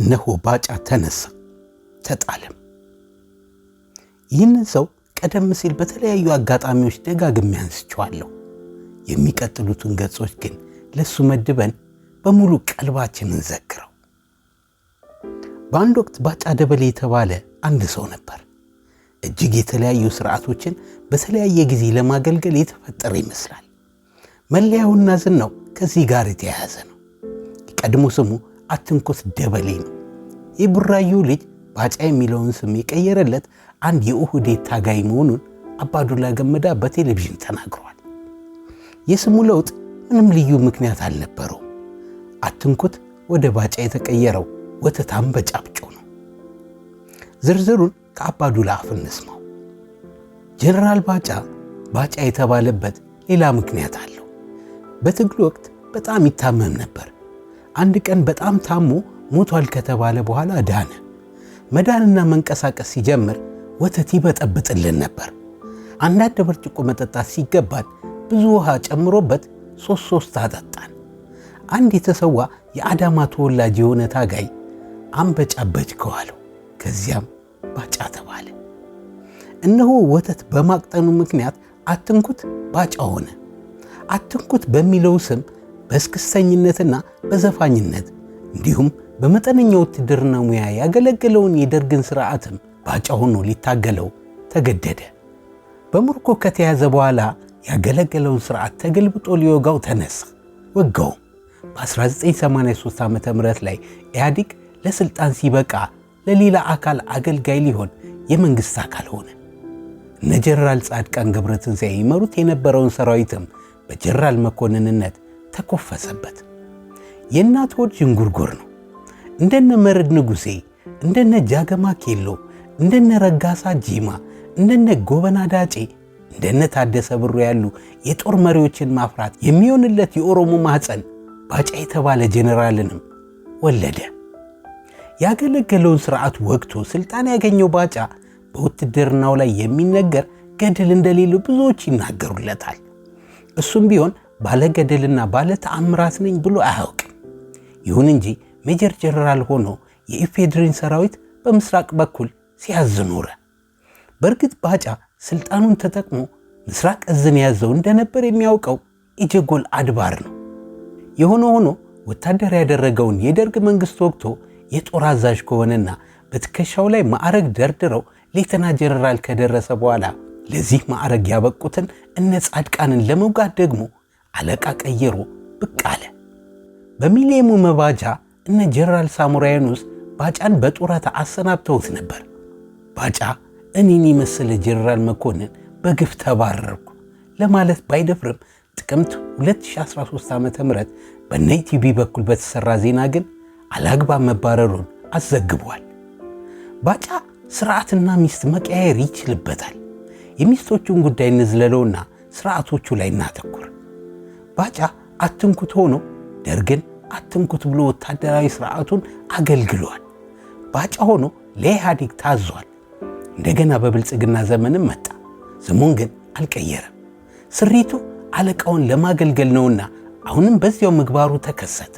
እነሆ ባጫ ተነሳ ተጣለም። ይህንን ሰው ቀደም ሲል በተለያዩ አጋጣሚዎች ደጋግሜ አንስቼዋለሁ። የሚቀጥሉትን ገጾች ግን ለእሱ መድበን በሙሉ ቀልባችን እንዘክረው። በአንድ ወቅት ባጫ ደበሌ የተባለ አንድ ሰው ነበር። እጅግ የተለያዩ ስርዓቶችን በተለያየ ጊዜ ለማገልገል የተፈጠረ ይመስላል። መለያውና ዝናው ከዚህ ጋር የተያያዘ ነው። የቀድሞ ስሙ አትንኮስ ደበሌ ነው። የቡራዩ ልጅ ባጫ የሚለውን ስም የቀየረለት አንድ የኦህዴድ ታጋይ መሆኑን አባዱላ ገመዳ በቴሌቪዥን ተናግሯል። የስሙ ለውጥ ምንም ልዩ ምክንያት አልነበረው። አትንኩት ወደ ባጫ የተቀየረው ወተታም በጫብጮ ነው። ዝርዝሩን ከአባዱላ አፍ እንስማው። ጀነራል ባጫ ባጫ የተባለበት ሌላ ምክንያት አለው። በትግል ወቅት በጣም ይታመም ነበር። አንድ ቀን በጣም ታሞ ሞቷል ከተባለ በኋላ ዳነ። መዳንና መንቀሳቀስ ሲጀምር ወተት ይበጠብጥልን ነበር። አንዳንድ ብርጭቆ መጠጣት ሲገባን ብዙ ውሃ ጨምሮበት ሶስት ሶስት አጠጣን። አንድ የተሰዋ የአዳማ ተወላጅ የሆነ ታጋይ አንበጫ በጅ ከዋለው ከዚያም ባጫ ተባለ። እነሆ ወተት በማቅጠኑ ምክንያት አትንኩት ባጫ ሆነ። አትንኩት በሚለው ስም በእስክስተኝነትና በዘፋኝነት እንዲሁም በመጠነኛ ውትድርና ሙያ ያገለገለውን የደርግን ስርዓትም ባጫ ሆኖ ሊታገለው ተገደደ። በምርኮ ከተያዘ በኋላ ያገለገለውን ስርዓት ተገልብጦ ሊወጋው ተነሳ፣ ወጋውም። በ1983 ዓ ም ላይ ኢህአዲግ ለሥልጣን ሲበቃ ለሌላ አካል አገልጋይ ሊሆን የመንግሥት አካል ሆነ። እነ ጀነራል ጻድቃን ገብረትንሳኤ ይመሩት የነበረውን ሰራዊትም በጀነራል መኮንንነት ተኮፈሰበት። የእናት ሆድ ዥንጉርጉር ነው። እንደነ መርድ ንጉሴ፣ እንደነ ጃገማ ኬሎ፣ እንደነ ረጋሳ ጂማ፣ እንደነ ጎበና ዳጬ፣ እንደነ ታደሰ ብሩ ያሉ የጦር መሪዎችን ማፍራት የሚሆንለት የኦሮሞ ማህፀን ባጫ የተባለ ጄኔራልንም ወለደ። ያገለገለውን ስርዓት ወግቶ ሥልጣን ያገኘው ባጫ በውትድርናው ላይ የሚነገር ገድል እንደሌሉ ብዙዎች ይናገሩለታል። እሱም ቢሆን ባለገደልና ባለተአምራት ነኝ ብሎ አያውቅም። ይሁን እንጂ ሜጀር ጀነራል ሆኖ የኢፌድሪን ሰራዊት በምስራቅ በኩል ሲያዝ ኖረ። በእርግጥ ባጫ ስልጣኑን ተጠቅሞ ምስራቅ እዝን ያዘው እንደነበር የሚያውቀው የጀጎል አድባር ነው። የሆነ ሆኖ ወታደር ያደረገውን የደርግ መንግሥት ወቅቶ የጦር አዛዥ ከሆነና በትከሻው ላይ ማዕረግ ደርድረው ሌተና ጀነራል ከደረሰ በኋላ ለዚህ ማዕረግ ያበቁትን እነ ጻድቃንን ለመውጋት ደግሞ አለቃ ቀየሮ ብቅ አለ። በሚሊየሙ መባጃ እነ ጀነራል ሳሙራያኑስ ባጫን በጡረታ አሰናብተውት ነበር። ባጫ እኔን የመሰለ ጀነራል መኮንን በግፍ ተባረርኩ ለማለት ባይደፍርም ጥቅምት 2013 ዓ ም በነ ኢቲቪ በኩል በተሰራ ዜና ግን አላግባብ መባረሩን አዘግቧል። ባጫ ስርዓትና ሚስት መቀያየር ይችልበታል። የሚስቶቹን ጉዳይ እንዝለለውና ስርዓቶቹ ላይ እናተኩር። ባጫ አትንኩት ሆኖ ደርግን አትንኩት ብሎ ወታደራዊ ስርዓቱን አገልግሏል። ባጫ ሆኖ ለኢህአዴግ ታዟል። እንደገና በብልጽግና ዘመንም መጣ። ስሙን ግን አልቀየረም። ስሪቱ አለቃውን ለማገልገል ነውና አሁንም በዚያው ምግባሩ ተከሰተ።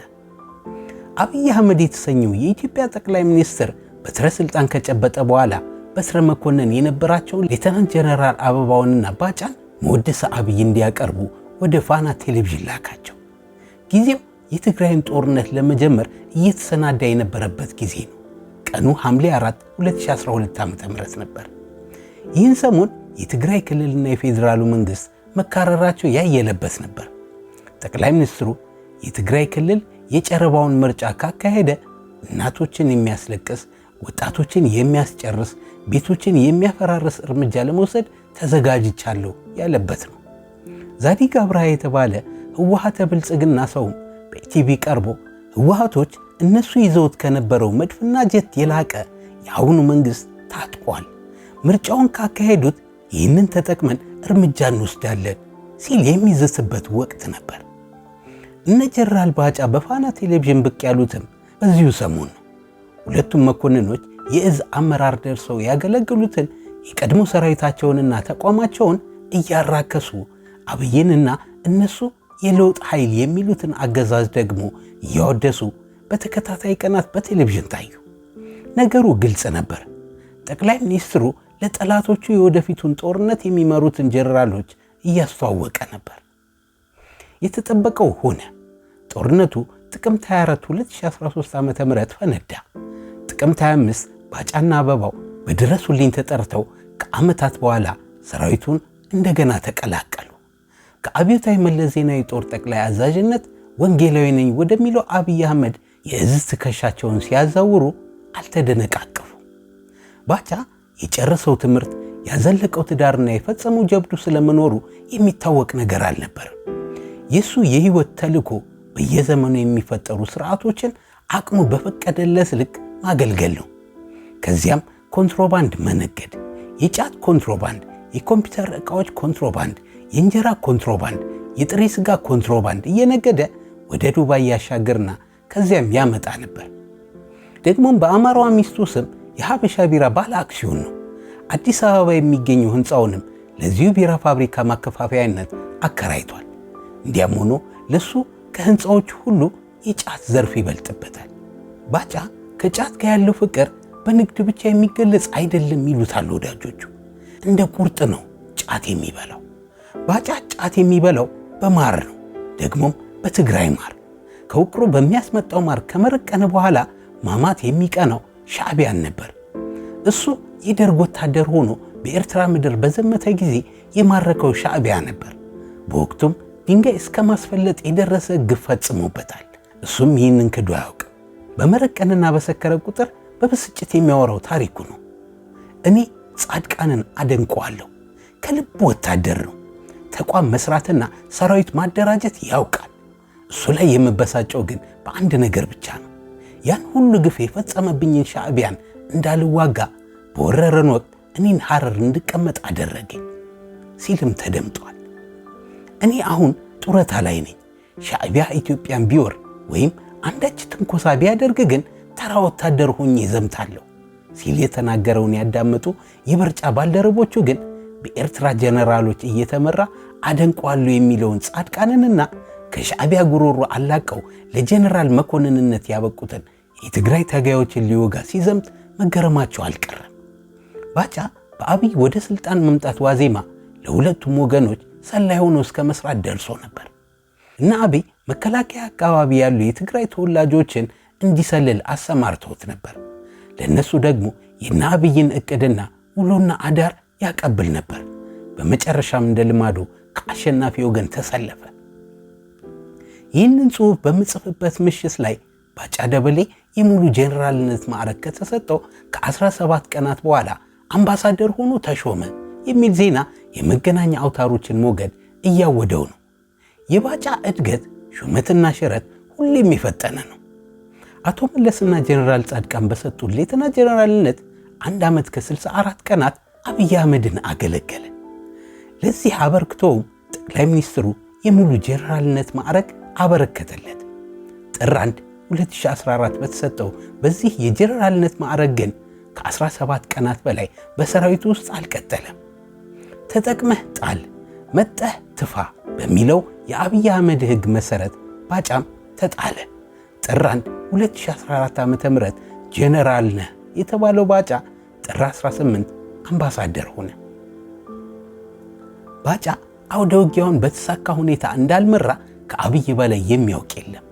አብይ አህመድ የተሰኘው የኢትዮጵያ ጠቅላይ ሚኒስትር በትረ ስልጣን ከጨበጠ በኋላ በስረ መኮንን የነበራቸውን ሌተናንት ጀነራል አበባውንና ባጫን መወድሰ አብይ እንዲያቀርቡ ወደ ፋና ቴሌቪዥን ላካቸው። ጊዜው የትግራይን ጦርነት ለመጀመር እየተሰናዳ የነበረበት ጊዜ ነው። ቀኑ ሐምሌ 4 2012 ዓ ም ነበር። ይህን ሰሞን የትግራይ ክልልና የፌዴራሉ መንግሥት መካረራቸው ያየለበት ነበር። ጠቅላይ ሚኒስትሩ የትግራይ ክልል የጨረባውን ምርጫ ካካሄደ እናቶችን የሚያስለቅስ ወጣቶችን የሚያስጨርስ ቤቶችን የሚያፈራርስ እርምጃ ለመውሰድ ተዘጋጅቻለሁ ያለበት ነው። ዛዲግ አብርሃ የተባለ ህወሓተ ብልጽግና ሰውም በኢቲቪ ቀርቦ ህወሓቶች እነሱ ይዘውት ከነበረው መድፍና ጀት የላቀ የአሁኑ መንግሥት ታጥቋል፣ ምርጫውን ካካሄዱት ይህንን ተጠቅመን እርምጃ እንወስዳለን ሲል የሚዘስበት ወቅት ነበር። እነ ጀነራል ባጫ በፋና ቴሌቪዥን ብቅ ያሉትም በዚሁ ሰሞን ነው። ሁለቱም መኮንኖች የእዝ አመራር ደርሰው ያገለግሉትን የቀድሞ ሰራዊታቸውንና ተቋማቸውን እያራከሱ አብይንና እነሱ የለውጥ ኃይል የሚሉትን አገዛዝ ደግሞ እያወደሱ በተከታታይ ቀናት በቴሌቪዥን ታዩ። ነገሩ ግልጽ ነበር። ጠቅላይ ሚኒስትሩ ለጠላቶቹ የወደፊቱን ጦርነት የሚመሩትን ጀነራሎች እያስተዋወቀ ነበር። የተጠበቀው ሆነ። ጦርነቱ ጥቅምት 24 2013 ዓ ም ፈነዳ። ጥቅምት 25 ባጫና አበባው በድረሱልኝ ተጠርተው ከዓመታት በኋላ ሰራዊቱን እንደገና ተቀላቀሉ። ከአብዮታዊ መለስ ዜናዊ ጦር ጠቅላይ አዛዥነት ወንጌላዊ ነኝ ወደሚለው አብይ አህመድ የእዝ ትከሻቸውን ሲያዛውሩ አልተደነቃቀፉ። ባቻ የጨረሰው ትምህርት ያዘለቀው ትዳርና የፈጸመው ጀብዱ ስለመኖሩ የሚታወቅ ነገር አልነበር። የእሱ የህይወት ተልኮ በየዘመኑ የሚፈጠሩ ስርዓቶችን አቅሙ በፈቀደለት ልክ ማገልገል ነው። ከዚያም ኮንትሮባንድ መነገድ፣ የጫት ኮንትሮባንድ፣ የኮምፒውተር ዕቃዎች ኮንትሮባንድ፣ የእንጀራ ኮንትሮባንድ፣ የጥሬ ሥጋ ኮንትሮባንድ እየነገደ ወደ ዱባይ ያሻግርና ከዚያም ያመጣ ነበር። ደግሞም በአማራዋ ሚስቱ ስም የሀበሻ ቢራ ባለ አክሲዮን ነው። አዲስ አበባ የሚገኘው ሕንፃውንም ለዚሁ ቢራ ፋብሪካ ማከፋፈያነት አከራይቷል። እንዲያም ሆኖ ለሱ ከህንፃዎቹ ሁሉ የጫት ዘርፍ ይበልጥበታል። ባጫ ከጫት ጋር ያለው ፍቅር በንግድ ብቻ የሚገለጽ አይደለም ይሉታል ወዳጆቹ። እንደ ቁርጥ ነው ጫት የሚበላው። ባጫጫት የሚበላው በማር ነው፣ ደግሞም በትግራይ ማር። ከውቅሩ በሚያስመጣው ማር ከመረቀነ በኋላ ማማት የሚቀናው ሻዕቢያን ነበር። እሱ የደርግ ወታደር ሆኖ በኤርትራ ምድር በዘመተ ጊዜ የማረከው ሻዕቢያ ነበር። በወቅቱም ድንጋይ እስከ ማስፈለጥ የደረሰ ግፍ ፈጽሞበታል። እሱም ይህንን ክዶ አያውቅም። በመረቀንና በሰከረ ቁጥር በብስጭት የሚያወራው ታሪኩ ነው። እኔ ጻድቃንን አደንቀዋለሁ። ከልብ ወታደር ነው። ተቋም መስራትና ሰራዊት ማደራጀት ያውቃል። እሱ ላይ የምበሳጨው ግን በአንድ ነገር ብቻ ነው። ያን ሁሉ ግፍ የፈጸመብኝን ሻዕቢያን እንዳልዋጋ በወረረን ወቅት እኔን ሐረር እንድቀመጥ አደረገኝ ሲልም ተደምጧል። እኔ አሁን ጡረታ ላይ ነኝ። ሻዕቢያ ኢትዮጵያን ቢወር ወይም አንዳች ትንኮሳ ቢያደርግ ግን ተራ ወታደር ሆኜ ዘምታለሁ ሲል የተናገረውን ያዳመጡ የበርጫ ባልደረቦቹ ግን በኤርትራ ጀነራሎች እየተመራ አደንቋሉ የሚለውን ጻድቃንንና ከሻዕቢያ ጉሮሮ አላቀው ለጀነራል መኮንንነት ያበቁትን የትግራይ ታጋዮችን ሊወጋ ሲዘምት መገረማቸው አልቀረም። ባጫ በአብይ ወደ ሥልጣን መምጣት ዋዜማ ለሁለቱም ወገኖች ሰላይ ሆኖ እስከ መስራት ደርሶ ነበር እና አብይ መከላከያ አካባቢ ያሉ የትግራይ ተወላጆችን እንዲሰልል አሰማርተውት ነበር። ለእነሱ ደግሞ የነ አብይን ዕቅድና ውሎና አዳር ያቀብል ነበር። በመጨረሻም እንደ ልማዱ ከአሸናፊ ወገን ተሰለፈ። ይህንን ጽሑፍ በምጽፍበት ምሽት ላይ ባጫ ደበሌ የሙሉ ጄኔራልነት ማዕረግ ከተሰጠው ከ17 ቀናት በኋላ አምባሳደር ሆኖ ተሾመ የሚል ዜና የመገናኛ አውታሮችን ሞገድ እያወደው ነው። የባጫ እድገት፣ ሹመትና ሽረት ሁሌም የፈጠነ ነው። አቶ መለስና ጀኔራል ጻድቃን በሰጡት ሌተና ጀኔራልነት አንድ ዓመት ከ64 ቀናት አብይ አህመድን አገለገለ። ለዚህ አበርክቶ ጠቅላይ ሚኒስትሩ የሙሉ ጀነራልነት ማዕረግ አበረከተለት። ጥር 1 2014 በተሰጠው በዚህ የጀነራልነት ማዕረግ ግን ከ17 ቀናት በላይ በሰራዊቱ ውስጥ አልቀጠለም። ተጠቅመህ ጣል፣ መጠህ ትፋ በሚለው የአብይ አህመድ ህግ መሰረት ባጫም ተጣለ። ጥር 1 2014 ዓ.ም ጀነራል ነህ የተባለው ባጫ ጥር 18 አምባሳደር ሆነ። ባጫ አውደ ውጊያውን በተሳካ ሁኔታ እንዳልመራ ከአብይ በላይ የሚያውቅ የለም።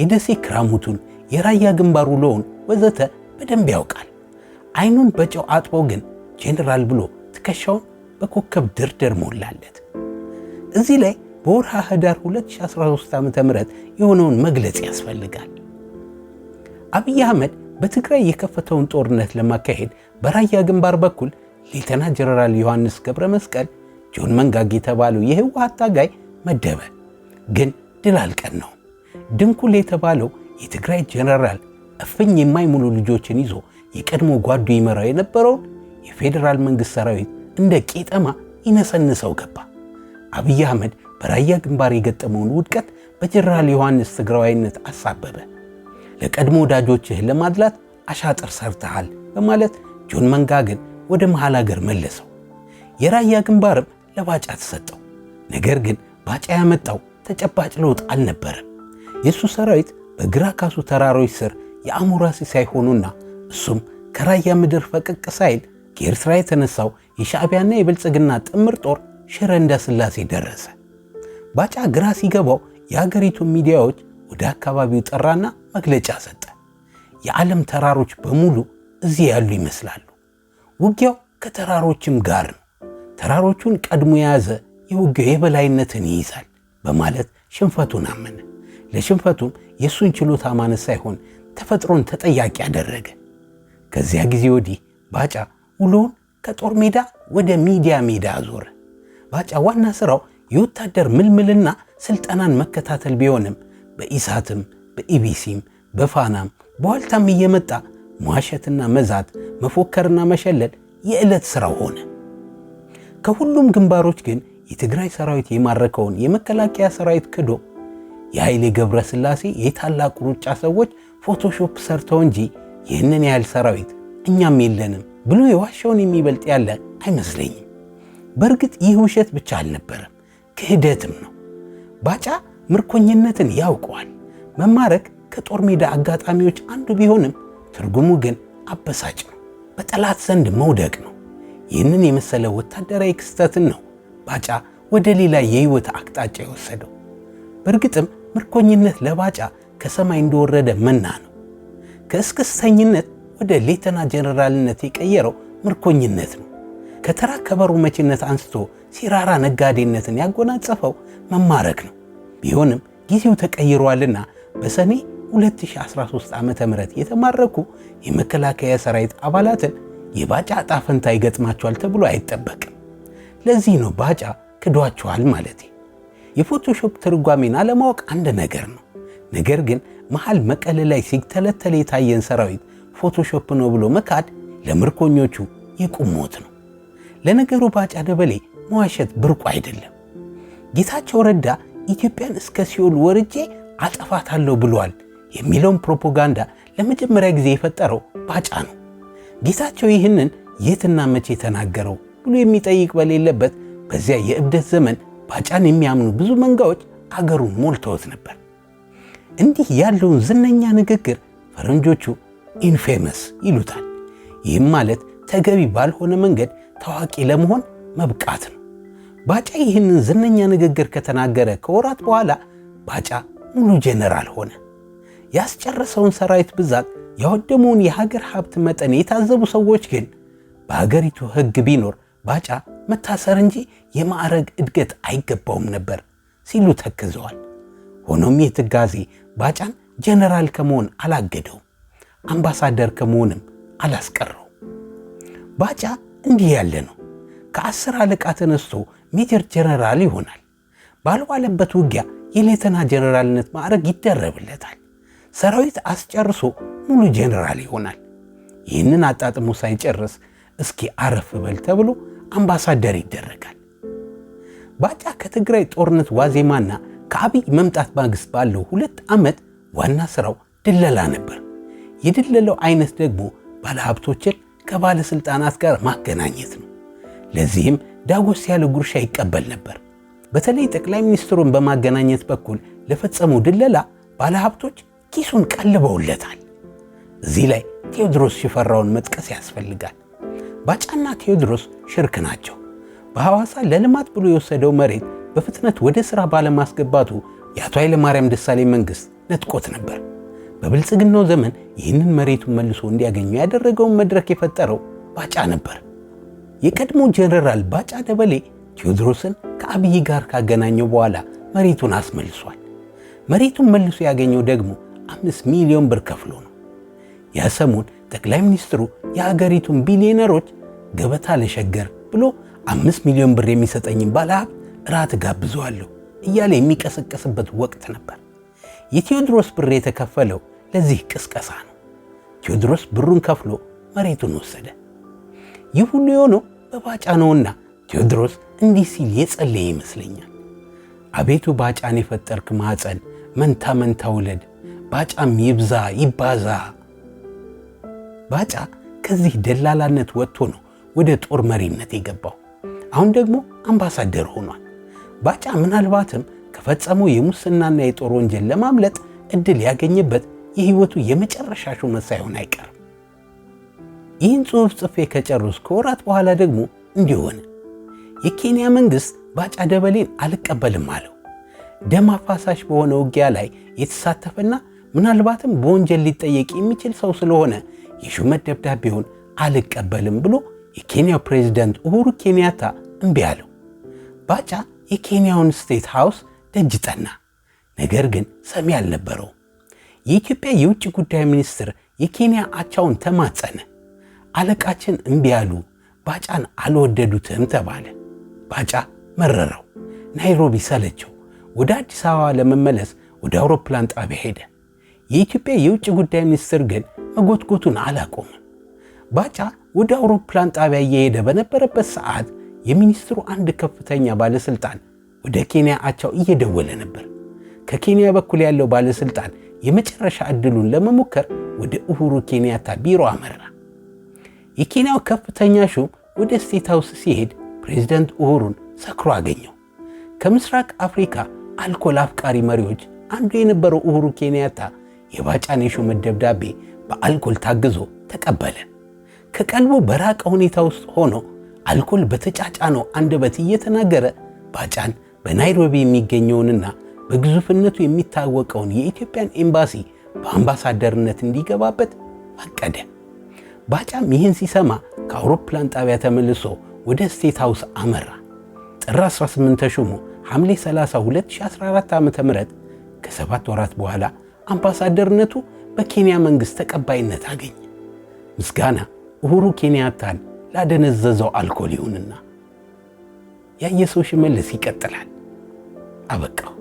የደሴ ክራሙቱን፣ የራያ ግንባር ውሎውን ወዘተ በደንብ ያውቃል። አይኑን በጨው አጥቦ ግን ጄኔራል ብሎ ትከሻውን በኮከብ ድርድር ሞላለት። እዚህ ላይ በወርሃ ህዳር 2013 ዓ ም የሆነውን መግለጽ ያስፈልጋል። አብይ አህመድ በትግራይ የከፈተውን ጦርነት ለማካሄድ በራያ ግንባር በኩል ሌተና ጀነራል ዮሐንስ ገብረ መስቀል ጆን መንጋግ የተባለው የህወሓት ታጋይ መደበ። ግን ድል አልቀን ነው። ድንኩል የተባለው የትግራይ ጀነራል እፍኝ የማይሙሉ ልጆችን ይዞ የቀድሞ ጓዱ ይመራው የነበረውን የፌዴራል መንግሥት ሰራዊት እንደ ቄጠማ ይነሰንሰው ገባ። አብይ አህመድ በራያ ግንባር የገጠመውን ውድቀት በጀነራል ዮሐንስ ትግራዋይነት አሳበበ። ለቀድሞ ወዳጆችህ ለማድላት አሻጥር ሰርተሃል በማለት ጆን መንጋግን ወደ መሃል አገር መለሰው። የራያ ግንባርም ለባጫ ተሰጠው። ነገር ግን ባጫ ያመጣው ተጨባጭ ለውጥ አልነበረም። የእሱ ሰራዊት በግራ ካሱ ተራሮች ስር የአሞራ ሲሳይ ሆኑና እሱም ከራያ ምድር ፈቀቅ ሳይል ከኤርትራ የተነሳው የሻዕቢያና የብልጽግና ጥምር ጦር ሽረ እንዳስላሴ ደረሰ። ባጫ ግራ ሲገባው የአገሪቱ ሚዲያዎች ወደ አካባቢው ጠራና መግለጫ ሰጠ። የዓለም ተራሮች በሙሉ እዚህ ያሉ ይመስላሉ ውጊያው ከተራሮችም ጋር ነው። ተራሮቹን ቀድሞ የያዘ የውጊያው የበላይነትን ይይዛል በማለት ሽንፈቱን አመነ። ለሽንፈቱም የእሱን ችሎታ ማነስ ሳይሆን ተፈጥሮን ተጠያቂ አደረገ። ከዚያ ጊዜ ወዲህ ባጫ ውሎውን ከጦር ሜዳ ወደ ሚዲያ ሜዳ አዞረ። ባጫ ዋና ሥራው የወታደር ምልምልና ስልጠናን መከታተል ቢሆንም በኢሳትም በኢቢሲም በፋናም በዋልታም እየመጣ መዋሸትና መዛት፣ መፎከርና መሸለል የዕለት ሥራው ሆነ። ከሁሉም ግንባሮች ግን የትግራይ ሰራዊት የማረከውን የመከላከያ ሰራዊት ክዶ የኃይሌ ገብረ ሥላሴ የታላቁ ሩጫ ሰዎች ፎቶሾፕ ሰርተው እንጂ ይህንን ያህል ሰራዊት እኛም የለንም ብሎ የዋሻውን የሚበልጥ ያለ አይመስለኝም። በእርግጥ ይህ ውሸት ብቻ አልነበረም፣ ክህደትም ነው። ባጫ ምርኮኝነትን ያውቀዋል። መማረክ ከጦር ሜዳ አጋጣሚዎች አንዱ ቢሆንም ትርጉሙ ግን አበሳጭ ነው፣ በጠላት ዘንድ መውደቅ ነው። ይህንን የመሰለ ወታደራዊ ክስተትን ነው ባጫ ወደ ሌላ የህይወት አቅጣጫ የወሰደው። በእርግጥም ምርኮኝነት ለባጫ ከሰማይ እንደወረደ መና ነው። ከእስክስተኝነት ወደ ሌተና ጀነራልነት የቀየረው ምርኮኝነት ነው። ከተራ ከበሮ መቺነት አንስቶ ሲራራ ነጋዴነትን ያጎናጸፈው መማረክ ነው። ቢሆንም ጊዜው ተቀይሯልና በሰኔ 2013 ዓመተ ምህረት የተማረኩ የመከላከያ ሰራዊት አባላትን የባጫ ዕጣ ፈንታ ይገጥማቸዋል ተብሎ አይጠበቅም። ለዚህ ነው ባጫ ክዷቸዋል ማለት። የፎቶሾፕ ትርጓሜን አለማወቅ አንድ ነገር ነው። ነገር ግን መሃል መቀለ ላይ ሲተለተል የታየን ሰራዊት ፎቶሾፕ ነው ብሎ መካድ ለምርኮኞቹ የቁም ሞት ነው። ለነገሩ ባጫ ደበሌ መዋሸት ብርቁ አይደለም። ጌታቸው ረዳ ኢትዮጵያን እስከ ሲኦል ወርጄ አጠፋታለሁ ብሏል የሚለውን ፕሮፓጋንዳ ለመጀመሪያ ጊዜ የፈጠረው ባጫ ነው። ጌታቸው ይህንን የትና መቼ ተናገረው ብሎ የሚጠይቅ በሌለበት በዚያ የእብደት ዘመን ባጫን የሚያምኑ ብዙ መንጋዎች አገሩን ሞልተውት ነበር። እንዲህ ያለውን ዝነኛ ንግግር ፈረንጆቹ ኢንፌመስ ይሉታል። ይህም ማለት ተገቢ ባልሆነ መንገድ ታዋቂ ለመሆን መብቃት ነው። ባጫ ይህንን ዝነኛ ንግግር ከተናገረ ከወራት በኋላ ባጫ ሙሉ ጀነራል ሆነ። ያስጨረሰውን ሰራዊት ብዛት፣ ያወደመውን የሀገር ሀብት መጠን የታዘቡ ሰዎች ግን በሀገሪቱ ሕግ ቢኖር ባጫ መታሰር እንጂ የማዕረግ እድገት አይገባውም ነበር ሲሉ ተክዘዋል። ሆኖም የትጋዜ ባጫን ጀነራል ከመሆን አላገደው፣ አምባሳደር ከመሆንም አላስቀረው። ባጫ እንዲህ ያለ ነው። ከአስር አለቃ ተነስቶ ሜጀር ጀነራል ይሆናል። ባልዋለበት ውጊያ የሌተና ጀነራልነት ማዕረግ ይደረብለታል። ሰራዊት አስጨርሶ ሙሉ ጄኔራል ይሆናል። ይህንን አጣጥሞ ሳይጨርስ እስኪ አረፍ በል ተብሎ አምባሳደር ይደረጋል። ባጫ ከትግራይ ጦርነት ዋዜማና ከአብይ መምጣት ማግስት ባለው ሁለት ዓመት ዋና ሥራው ድለላ ነበር። የድለላው አይነት ደግሞ ባለሀብቶችን ከባለሥልጣናት ጋር ማገናኘት ነው። ለዚህም ዳጎስ ያለ ጉርሻ ይቀበል ነበር። በተለይ ጠቅላይ ሚኒስትሩን በማገናኘት በኩል ለፈጸመው ድለላ ባለሀብቶች ኪሱን ቀልበውለታል። እዚህ ላይ ቴዎድሮስ ሽፈራውን መጥቀስ ያስፈልጋል። ባጫና ቴዎድሮስ ሽርክ ናቸው። በሐዋሳ ለልማት ብሎ የወሰደው መሬት በፍጥነት ወደ ሥራ ባለማስገባቱ የአቶ ኃይለማርያም ደሳሌ መንግሥት ነጥቆት ነበር። በብልጽግናው ዘመን ይህንን መሬቱን መልሶ እንዲያገኙ ያደረገውን መድረክ የፈጠረው ባጫ ነበር። የቀድሞ ጀነራል ባጫ ደበሌ ቴዎድሮስን ከአብይ ጋር ካገናኘው በኋላ መሬቱን አስመልሷል። መሬቱን መልሶ ያገኘው ደግሞ አምስት ሚሊዮን ብር ከፍሎ ነው። ያ ሰሞን ጠቅላይ ሚኒስትሩ የሀገሪቱን ቢሊዮነሮች ገበታ ለሸገር ብሎ አምስት ሚሊዮን ብር የሚሰጠኝን ባለሀብት እራት ጋብዘዋለሁ እያለ የሚቀሰቀስበት ወቅት ነበር። የቴዎድሮስ ብር የተከፈለው ለዚህ ቅስቀሳ ነው። ቴዎድሮስ ብሩን ከፍሎ መሬቱን ወሰደ። ይህ ሁሉ የሆነው በባጫ ነውና ቴዎድሮስ እንዲህ ሲል የጸለየ ይመስለኛል። አቤቱ ባጫን የፈጠርክ ማፀን መንታ መንታ ውለድ ባጫም ይብዛ ይባዛ። ባጫ ከዚህ ደላላነት ወጥቶ ነው ወደ ጦር መሪነት የገባው። አሁን ደግሞ አምባሳደር ሆኗል። ባጫ ምናልባትም ከፈጸመው የሙስናና የጦር ወንጀል ለማምለጥ እድል ያገኘበት የህይወቱ የመጨረሻ ሹመት ሳይሆን አይቀርም። ይህን ጽሑፍ ጽፌ ከጨረስኩ ከወራት በኋላ ደግሞ እንዲሆነ የኬንያ መንግሥት ባጫ ደበሌን አልቀበልም አለው። ደም አፋሳሽ በሆነ ውጊያ ላይ የተሳተፈና ምናልባትም በወንጀል ሊጠየቅ የሚችል ሰው ስለሆነ የሹመት ደብዳቤውን አልቀበልም ብሎ የኬንያው ፕሬዚደንት ኡሁሩ ኬንያታ እምቢ አለው። ባጫ የኬንያውን ስቴት ሃውስ ደጅ ጠና፣ ነገር ግን ሰሚ አልነበረው። የኢትዮጵያ የውጭ ጉዳይ ሚኒስትር የኬንያ አቻውን ተማጸነ። አለቃችን እምቢ አሉ፣ ባጫን አልወደዱትም ተባለ። ባጫ መረረው፣ ናይሮቢ ሰለቸው። ወደ አዲስ አበባ ለመመለስ ወደ አውሮፕላን ጣቢያ ሄደ። የኢትዮጵያ የውጭ ጉዳይ ሚኒስትር ግን መጎትጎቱን አላቆምም። ባጫ ወደ አውሮፕላን ጣቢያ እየሄደ በነበረበት ሰዓት የሚኒስትሩ አንድ ከፍተኛ ባለስልጣን ወደ ኬንያ አቻው እየደወለ ነበር። ከኬንያ በኩል ያለው ባለስልጣን የመጨረሻ ዕድሉን ለመሞከር ወደ ኡሁሩ ኬንያታ ቢሮ አመራ። የኬንያው ከፍተኛ ሹም ወደ ስቴት ሃውስ ሲሄድ ፕሬዚደንት ኡሁሩን ሰክሮ አገኘው። ከምስራቅ አፍሪካ አልኮል አፍቃሪ መሪዎች አንዱ የነበረው ኡሁሩ ኬንያታ የባጫን ሹመት ደብዳቤ በአልኮል ታግዞ ተቀበለ። ከቀልቡ በራቀ ሁኔታ ውስጥ ሆኖ አልኮል በተጫጫነው አንደበት እየተናገረ ባጫን በናይሮቢ የሚገኘውንና በግዙፍነቱ የሚታወቀውን የኢትዮጵያን ኤምባሲ በአምባሳደርነት እንዲገባበት አቀደ። ባጫም ይህን ሲሰማ ከአውሮፕላን ጣቢያ ተመልሶ ወደ ስቴት ሃውስ አመራ። ጥር 18 ተሾሞ ሐምሌ 30 2014 ዓ ም ከሰባት ወራት በኋላ አምባሳደርነቱ በኬንያ መንግሥት ተቀባይነት አገኘ። ምስጋና ኡሁሩ ኬንያታን ላደነዘዘው አልኮል ይሁንና። ያየሰው ሽመልስ ይቀጥላል። አበቃው።